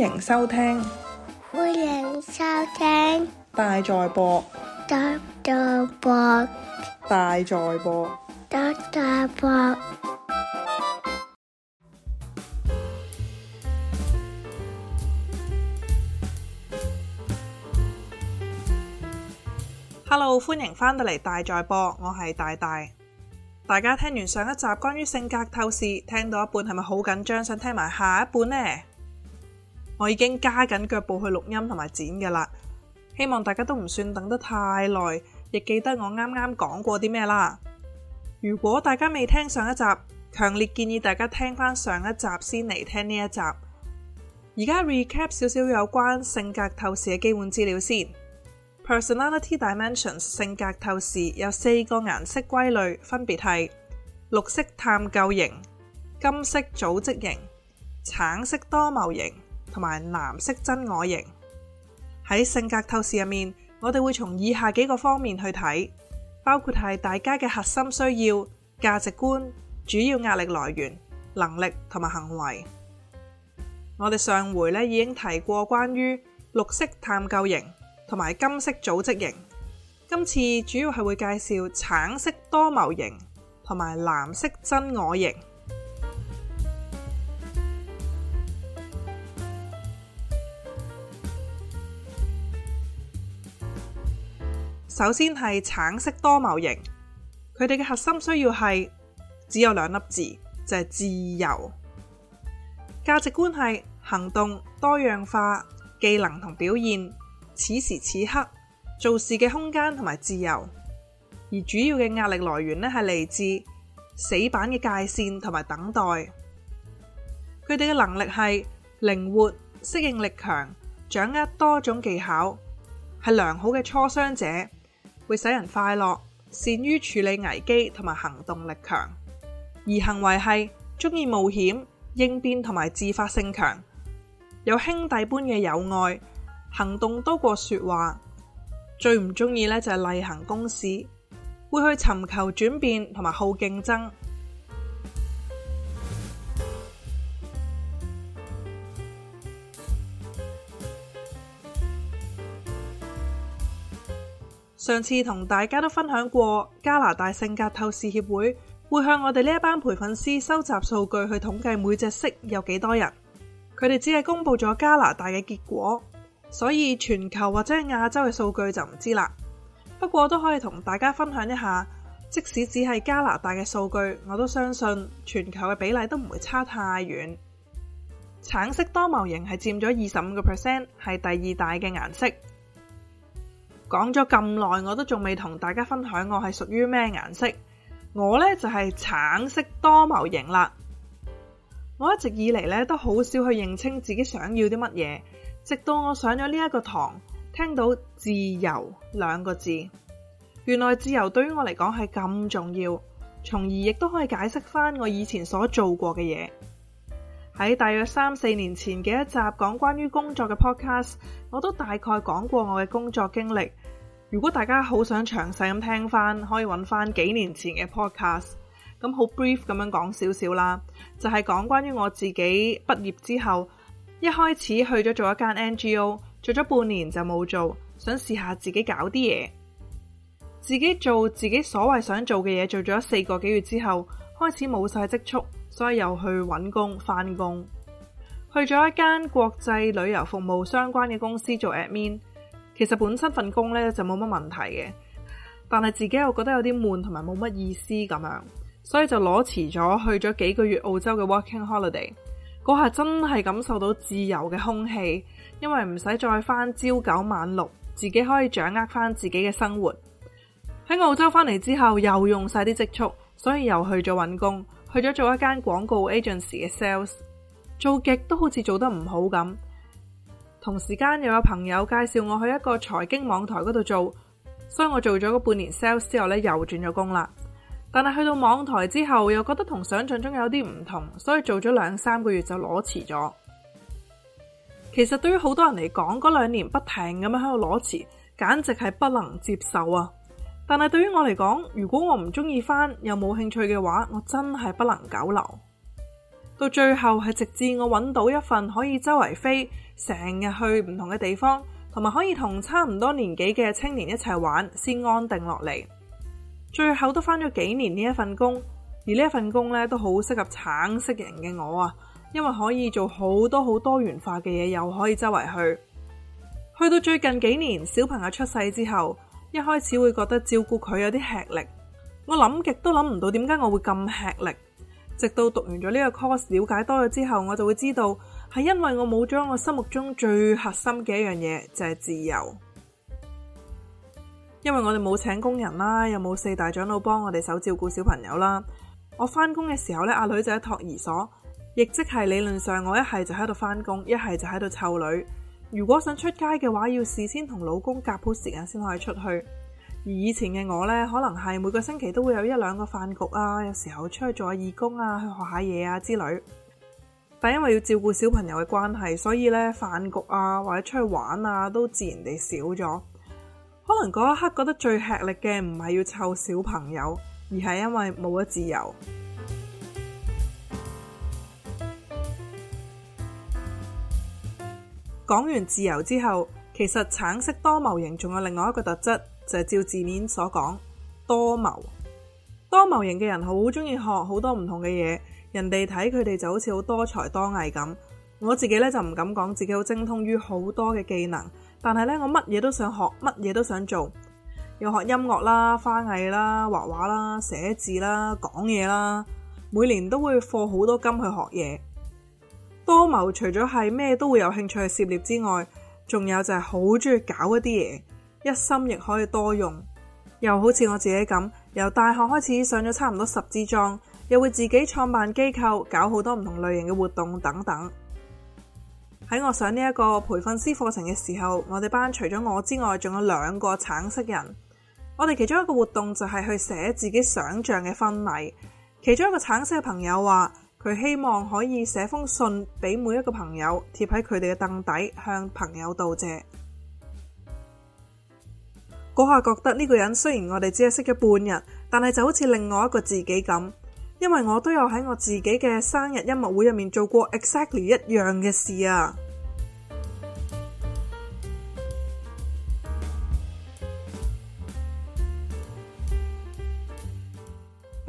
歡迎收聽，歡迎收聽大在播，大在播，大在播，Hello，歡迎返到嚟大在播，我係大大。大家聽完上一集關於性格透視，聽到一半係咪好緊張？想聽埋下一半呢？我已經加緊腳步去錄音同埋剪㗎啦，希望大家都唔算等得太耐，亦記得我啱啱講過啲咩啦。如果大家未聽上一集，強烈建議大家聽翻上一集先嚟聽呢一集。而家 recap 少少有關性格透視嘅基本資料先。Personality Dimensions 性格透視有四個顏色歸類，分別係綠色探究型、金色組織型、橙色多謀型。同埋藍色真我型。喺性格透視入面，我哋會從以下幾個方面去睇，包括係大家嘅核心需要、價值觀、主要壓力來源、能力同埋行為。我哋上回呢已經提過關於綠色探究型同埋金色組織型，今次主要係會介紹橙色多謀型同埋藍色真我型。首先係橙色多謀型，佢哋嘅核心需要係只有兩粒字，就係、是、自由。價值觀係行動多樣化、技能同表現。此時此刻做事嘅空間同埋自由，而主要嘅壓力來源呢係嚟自死板嘅界線同埋等待。佢哋嘅能力係靈活、適應力強、掌握多種技巧，係良好嘅磋商者。會使人快樂，善於處理危機同埋行動力強，而行為係中意冒險、應變同埋自發性強，有兄弟般嘅友愛，行動多過說話，最唔中意咧就係例行公事，會去尋求轉變同埋好競爭。上次同大家都分享過，加拿大性格透視協會會向我哋呢一班培訓師收集數據去統計每隻色有幾多人。佢哋只係公布咗加拿大嘅結果，所以全球或者係亞洲嘅數據就唔知啦。不過都可以同大家分享一下，即使只係加拿大嘅數據，我都相信全球嘅比例都唔會差太遠。橙色多模型係佔咗二十五個 percent，係第二大嘅顏色。講咗咁耐，我都仲未同大家分享我係屬於咩顏色。我呢就係橙色多謀型啦。我一直以嚟呢都好少去認清自己想要啲乜嘢，直到我上咗呢一個堂，聽到自由兩個字，原來自由對於我嚟講係咁重要，從而亦都可以解釋翻我以前所做過嘅嘢。喺大約三四年前嘅一集講關於工作嘅 podcast，我都大概講過我嘅工作經歷。如果大家好想詳細咁聽翻，可以揾翻幾年前嘅 podcast。咁好 brief 咁樣講少少啦，就係講關於我自己畢業之後，一開始去咗做一間 NGO，做咗半年就冇做，想試下自己搞啲嘢，自己做自己所謂想做嘅嘢，做咗四個幾月之後，開始冇晒積蓄。所以又去揾工，返工去咗一間國際旅遊服務相關嘅公司做 admin。其實本身份工咧就冇乜問題嘅，但係自己又覺得有啲悶同埋冇乜意思咁樣，所以就攞遲咗去咗幾個月澳洲嘅 working holiday。嗰下真係感受到自由嘅空氣，因為唔使再翻朝九晚六，自己可以掌握翻自己嘅生活。喺澳洲翻嚟之後，又用晒啲積蓄，所以又去咗揾工。去咗做一間廣告 agency 嘅 sales，做極都好似做得唔好咁。同時間又有朋友介紹我去一個財經網台嗰度做，所以我做咗半年 sales 之後呢，又轉咗工啦。但係去到網台之後，又覺得同想象中有啲唔同，所以做咗兩三個月就裸辭咗。其實對於好多人嚟講，嗰兩年不停咁樣喺度裸辭，簡直係不能接受啊！但係對於我嚟講，如果我唔中意返又冇興趣嘅話，我真係不能久留。到最後係直至我揾到一份可以周圍飛，成日去唔同嘅地方，同埋可以同差唔多年紀嘅青年一齊玩，先安定落嚟。最後都返咗幾年呢一份工，而呢一份工呢都好適合橙色人嘅我啊，因為可以做好多好多元化嘅嘢，又可以周圍去。去到最近幾年，小朋友出世之後。一開始會覺得照顧佢有啲吃力，我諗極都諗唔到點解我會咁吃力，直到讀完咗呢個 course 了解多咗之後，我就會知道係因為我冇咗我心目中最核心嘅一樣嘢，就係自由，因為我哋冇請工人啦，又冇四大長老幫我哋手照顧小朋友啦，我翻工嘅時候咧，阿女就喺托兒所，亦即係理論上我一係就喺度翻工，一係就喺度湊女。如果想出街嘅話，要事先同老公夾好時間先可以出去。而以前嘅我呢，可能係每個星期都會有一兩個飯局啊，有時候出去做下義工啊，去學下嘢啊之類。但因為要照顧小朋友嘅關係，所以呢飯局啊或者出去玩啊都自然地少咗。可能嗰一刻覺得最吃力嘅唔係要湊小朋友，而係因為冇咗自由。講完自由之後，其實橙色多謀型仲有另外一個特質，就係照字面所講，多謀。多謀型嘅人好中意學好多唔同嘅嘢，人哋睇佢哋就好似好多才多藝咁。我自己咧就唔敢講自己好精通於好多嘅技能，但係咧我乜嘢都想學，乜嘢都想做，要學音樂啦、花藝啦、畫畫啦、寫字啦、講嘢啦，每年都會課好多金去學嘢。多謀除咗係咩都會有興趣去涉獵之外，仲有就係好中意搞一啲嘢，一心亦可以多用。又好似我自己咁，由大學開始上咗差唔多十支莊，又會自己創辦機構，搞好多唔同類型嘅活動等等。喺我上呢一個培訓師課程嘅時候，我哋班除咗我之外，仲有兩個橙色人。我哋其中一個活動就係去寫自己想象嘅婚禮，其中一個橙色嘅朋友話。佢希望可以寫封信俾每一個朋友，貼喺佢哋嘅凳底，向朋友道謝。嗰下覺得呢個人，雖然我哋只係識咗半日，但係就好似另外一個自己咁，因為我都有喺我自己嘅生日音樂會入面做過 exactly 一樣嘅事啊。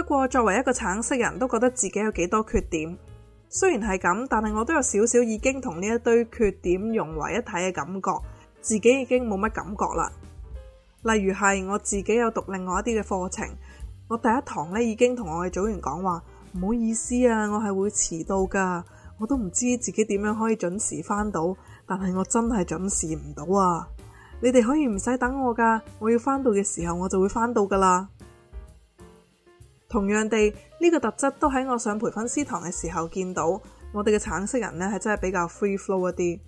不過作為一個橙色人，都覺得自己有幾多缺點。雖然係咁，但係我都有少少已經同呢一堆缺點融為一體嘅感覺，自己已經冇乜感覺啦。例如係我自己有讀另外一啲嘅課程，我第一堂咧已經同我嘅組員講話，唔好意思啊，我係會遲到噶，我都唔知自己點樣可以準時返到，但係我真係準時唔到啊！你哋可以唔使等我噶，我要返到嘅時候我就會返到噶啦。同樣地，呢個特質都喺我上培訓師堂嘅時候見到，我哋嘅橙色人呢，係真係比較 free flow 一啲。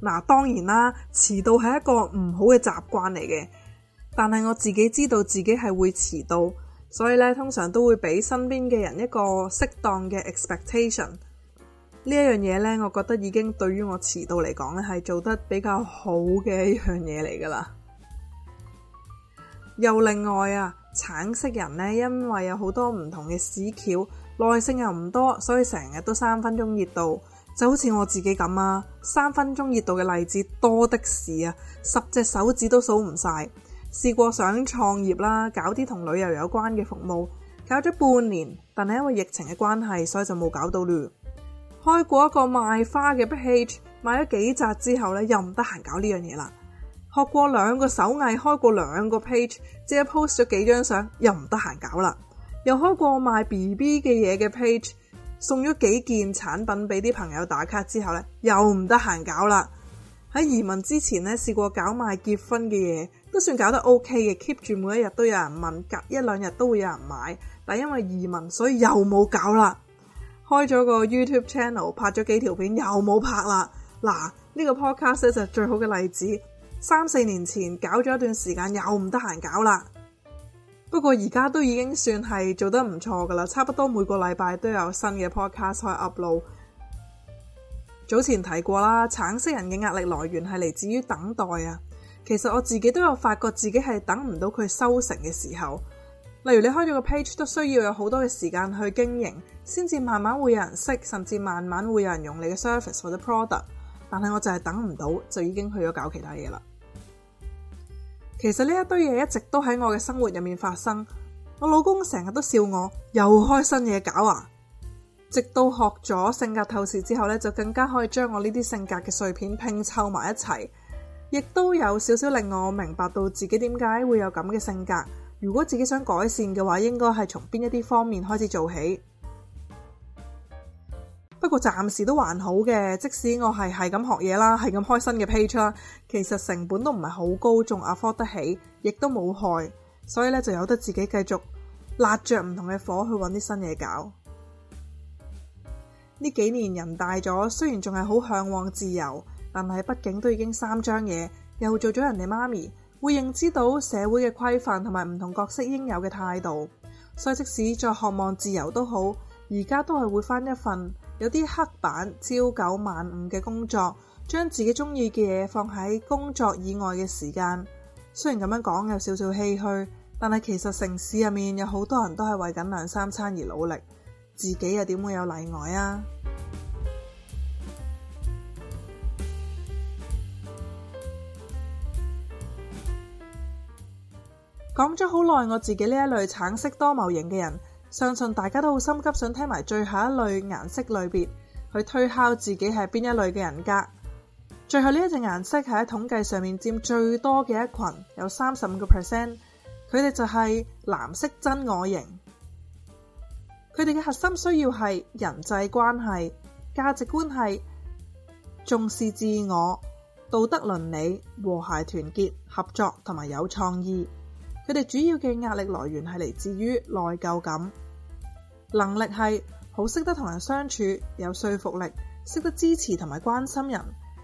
嗱，當然啦，遲到係一個唔好嘅習慣嚟嘅，但係我自己知道自己係會遲到，所以呢，通常都會俾身邊嘅人一個適當嘅 expectation。呢一樣嘢呢，我覺得已經對於我遲到嚟講呢係做得比較好嘅一樣嘢嚟噶啦。又另外啊，橙色人咧，因為有好多唔同嘅屎橋，耐性又唔多，所以成日都三分鐘熱度，就好似我自己咁啊。三分鐘熱度嘅例子多的是啊，十隻手指都數唔晒。試過想創業啦，搞啲同旅遊有關嘅服務，搞咗半年，但係因為疫情嘅關係，所以就冇搞到啦。開過一個賣花嘅 page，賣咗幾集之後咧，又唔得閒搞呢樣嘢啦。學過兩個手藝，開過兩個 page，即係 post 咗幾張相，又唔得閒搞啦。又開過賣 BB 嘅嘢嘅 page，送咗幾件產品俾啲朋友打卡之後呢，又唔得閒搞啦。喺移民之前呢，試過搞賣結婚嘅嘢，都算搞得 OK 嘅，keep 住每一日都有人問，隔一兩日都會有人買，但因為移民，所以又冇搞啦。開咗個 YouTube channel，拍咗幾條片，又冇拍啦。嗱，呢個 podcast 就係最好嘅例子。三四年前搞咗一段時間，又唔得閒搞啦。不過而家都已經算係做得唔錯噶啦，差不多每個禮拜都有新嘅 podcast 喺 upload。早前提過啦，橙色人嘅壓力來源係嚟自於等待啊。其實我自己都有發覺自己係等唔到佢收成嘅時候。例如你開咗個 page，都需要有好多嘅時間去經營，先至慢慢會有人識，甚至慢慢會有人用你嘅 service 或者 product。但係我就係等唔到，就已經去咗搞其他嘢啦。其實呢一堆嘢一直都喺我嘅生活入面發生，我老公成日都笑我又開新嘢搞啊！直到學咗性格透視之後呢，就更加可以將我呢啲性格嘅碎片拼湊埋一齊，亦都有少少令我明白到自己點解會有咁嘅性格。如果自己想改善嘅話，應該係從邊一啲方面開始做起。不過暫時都還好嘅，即使我係係咁學嘢啦，係咁開新嘅 page，其實成本都唔係好高，仲 afford 得起，亦都冇害，所以咧就有得自己繼續焫着唔同嘅火去揾啲新嘢搞。呢 幾年人大咗，雖然仲係好向往自由，但係畢竟都已經三張嘢，又做咗人哋媽咪，會認知到社會嘅規範同埋唔同角色應有嘅態度，所以即使再渴望自由都好，而家都係會翻一份。有啲黑板朝九晚五嘅工作，將自己中意嘅嘢放喺工作以外嘅時間。雖然咁樣講有少少唏噓，但係其實城市入面有好多人都係為緊兩三餐而努力，自己又點會有例外啊？講咗好耐，我自己呢一類橙色多謀型嘅人。相信大家都好心急，想聽埋最後一類顏色類別去推敲自己係邊一類嘅人格。最後呢一隻顏色係喺統計上面佔最多嘅一群，有三十五個 percent，佢哋就係藍色真我型。佢哋嘅核心需要係人際關係、價值觀係重視自我、道德倫理、和諧團結、合作同埋有創意。佢哋主要嘅壓力來源係嚟自於內疚感。能力係好識得同人相處，有說服力，識得支持同埋關心人，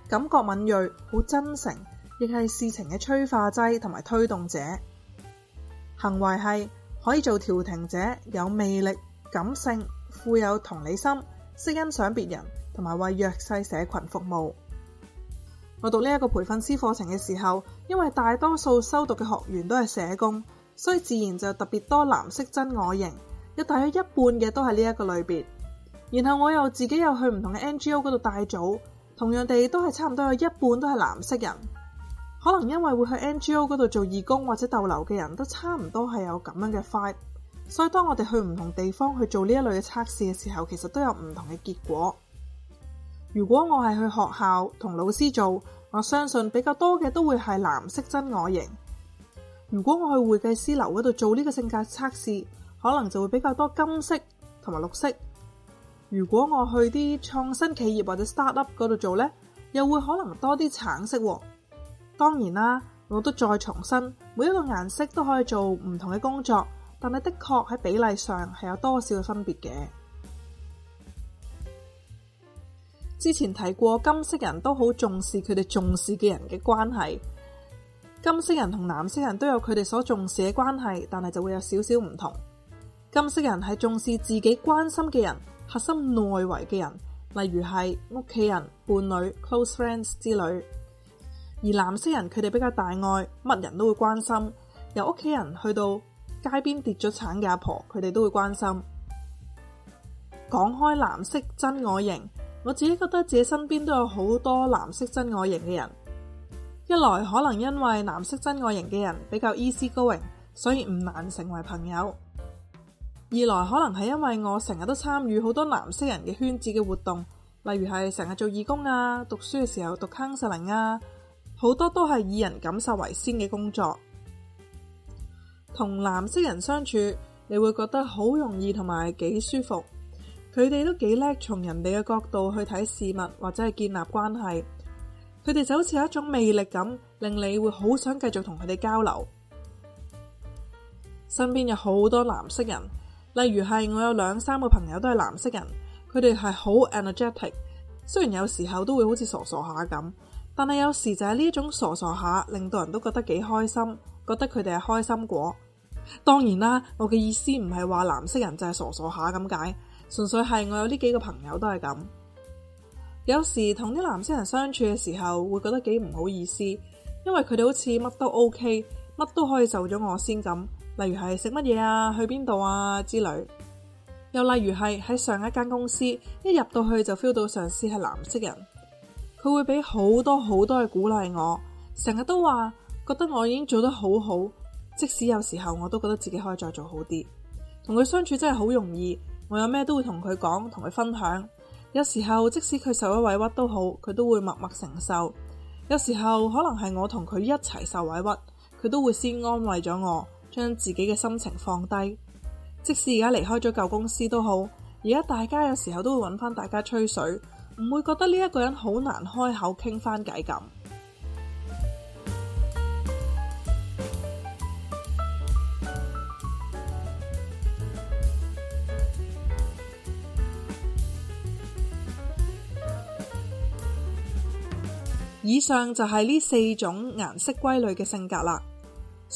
感覺敏銳，好真誠，亦係事情嘅催化劑同埋推動者。行為係可以做調停者，有魅力、感性、富有同理心，識欣賞別人，同埋為弱勢社群服務。我讀呢一個培訓師課程嘅時候，因為大多數修讀嘅學員都係社工，所以自然就特別多藍色真我型。有大約一半嘅都係呢一個類別，然後我又自己又去唔同嘅 NGO 嗰度帶組，同樣地都係差唔多有一半都係藍色人。可能因為會去 NGO 嗰度做義工或者逗留嘅人都差唔多係有咁樣嘅 vibe，所以當我哋去唔同地方去做呢一類嘅測試嘅時候，其實都有唔同嘅結果。如果我係去學校同老師做，我相信比較多嘅都會係藍色真我型。如果我去會計師樓嗰度做呢個性格測試。可能就會比較多金色同埋綠色。如果我去啲創新企業或者 startup 嗰度做呢，又會可能多啲橙色。當然啦，我都再重申，每一個顏色都可以做唔同嘅工作，但係的確喺比例上係有多少嘅分別嘅。之前提過，金色人都好重視佢哋重視嘅人嘅關係。金色人同藍色人都有佢哋所重視嘅關係，但係就會有少少唔同。金色人係重視自己關心嘅人，核心內圍嘅人，例如係屋企人、伴侶、close friends 之類。而藍色人佢哋比較大愛，乜人都會關心，由屋企人去到街邊跌咗橙嘅阿婆，佢哋都會關心。講開藍色真我型，我自己覺得自己身邊都有好多藍色真我型嘅人。一來可能因為藍色真我型嘅人比較 easy going，所以唔難成為朋友。二來可能係因為我成日都參與好多藍色人嘅圈子嘅活動，例如係成日做義工啊，讀書嘅時候讀 counseling 啊，好多都係以人感受為先嘅工作。同藍色人相處，你會覺得好容易同埋幾舒服。佢哋都幾叻，從人哋嘅角度去睇事物或者係建立關係。佢哋就好似有一種魅力咁，令你會好想繼續同佢哋交流。身邊有好多藍色人。例如係我有兩三個朋友都係藍色人，佢哋係好 energetic，雖然有時候都會好似傻傻下咁，但係有時就係呢種傻傻下令到人都覺得幾開心，覺得佢哋係開心果。當然啦，我嘅意思唔係話藍色人就係傻傻下咁解，純粹係我有呢幾個朋友都係咁。有時同啲藍色人相處嘅時候，會覺得幾唔好意思，因為佢哋好似乜都 OK，乜都可以就咗我先咁。例如係食乜嘢啊，去邊度啊之類，又例如係喺上一間公司一入到去就 feel 到上司係藍色人，佢會俾好多好多嘅鼓勵我，成日都話覺得我已經做得好好，即使有時候我都覺得自己可以再做好啲。同佢相處真係好容易，我有咩都會同佢講，同佢分享。有時候即使佢受咗委屈都好，佢都會默默承受。有時候可能係我同佢一齊受委屈，佢都會先安慰咗我。將自己嘅心情放低，即使而家離開咗舊公司都好，而家大家有時候都會揾翻大家吹水，唔會覺得呢一個人好難開口傾翻偈咁。以上就係呢四種顏色歸類嘅性格啦。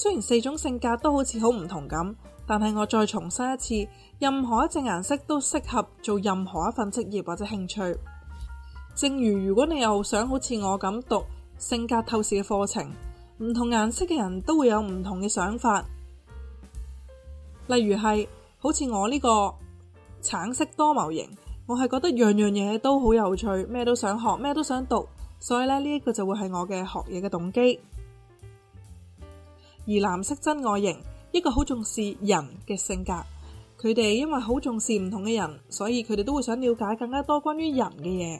雖然四種性格都好似好唔同咁，但係我再重申一次，任何一隻顏色都適合做任何一份職業或者興趣。正如如果你又想好似我咁讀性格透視嘅課程，唔同顏色嘅人都會有唔同嘅想法。例如係好似我呢個橙色多謀型，我係覺得樣樣嘢都好有趣，咩都想學，咩都想讀，所以咧呢一個就會係我嘅學嘢嘅動機。而藍色真外形，一個好重視人嘅性格，佢哋因為好重視唔同嘅人，所以佢哋都會想了解更加多關於人嘅嘢。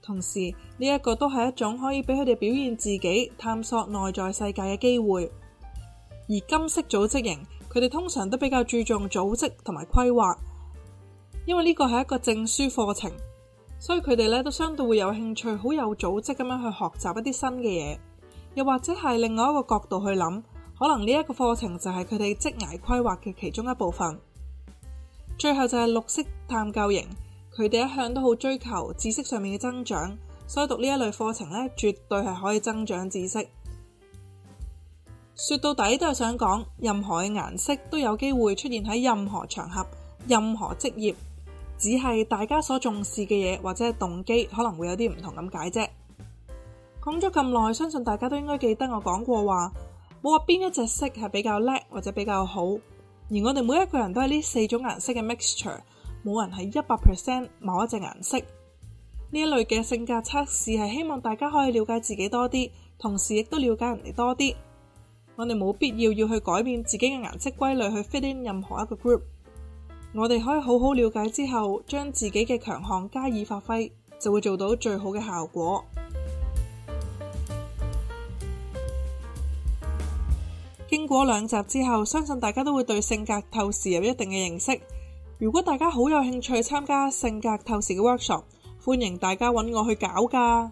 同時呢一個都係一種可以俾佢哋表現自己、探索內在世界嘅機會。而金色組織型，佢哋通常都比較注重組織同埋規劃，因為呢個係一個證書課程，所以佢哋咧都相對會有興趣，好有組織咁樣去學習一啲新嘅嘢，又或者係另外一個角度去諗。可能呢一個課程就係佢哋職涯規劃嘅其中一部分。最後就係綠色探究型，佢哋一向都好追求知識上面嘅增長，所以讀呢一類課程呢，絕對係可以增長知識。說到底都係想講，任何嘅顏色都有機會出現喺任何場合、任何職業，只係大家所重視嘅嘢或者係動機可能會有啲唔同咁解啫。講咗咁耐，相信大家都應該記得我講過話。冇話邊一隻色係比較叻或者比較好，而我哋每一個人都係呢四種顏色嘅 mixture，冇人係一百 percent 某一隻顏色。呢一類嘅性格測試係希望大家可以了解自己多啲，同時亦都了解人哋多啲。我哋冇必要要去改變自己嘅顏色歸類去 fit in 任何一個 group。我哋可以好好了解之後，將自己嘅強項加以發揮，就會做到最好嘅效果。經過兩集之後，相信大家都會對性格透視有一定嘅認識。如果大家好有興趣參加性格透視嘅 workshop，歡迎大家揾我去搞噶。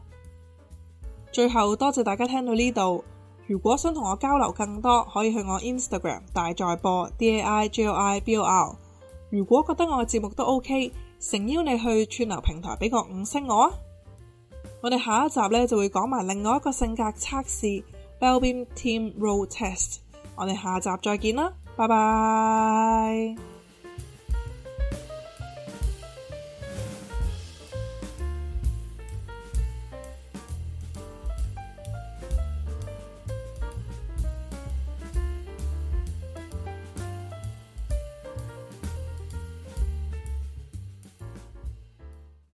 最後多謝大家聽到呢度。如果想同我交流更多，可以去我 Instagram 大在播 d a i j o i b o r。如果覺得我嘅節目都 OK，誠邀你去串流平台俾個五星我啊！我哋下一集呢，就會講埋另外一個性格測試 Belbin Team Role Test。我哋下集再見啦，拜拜。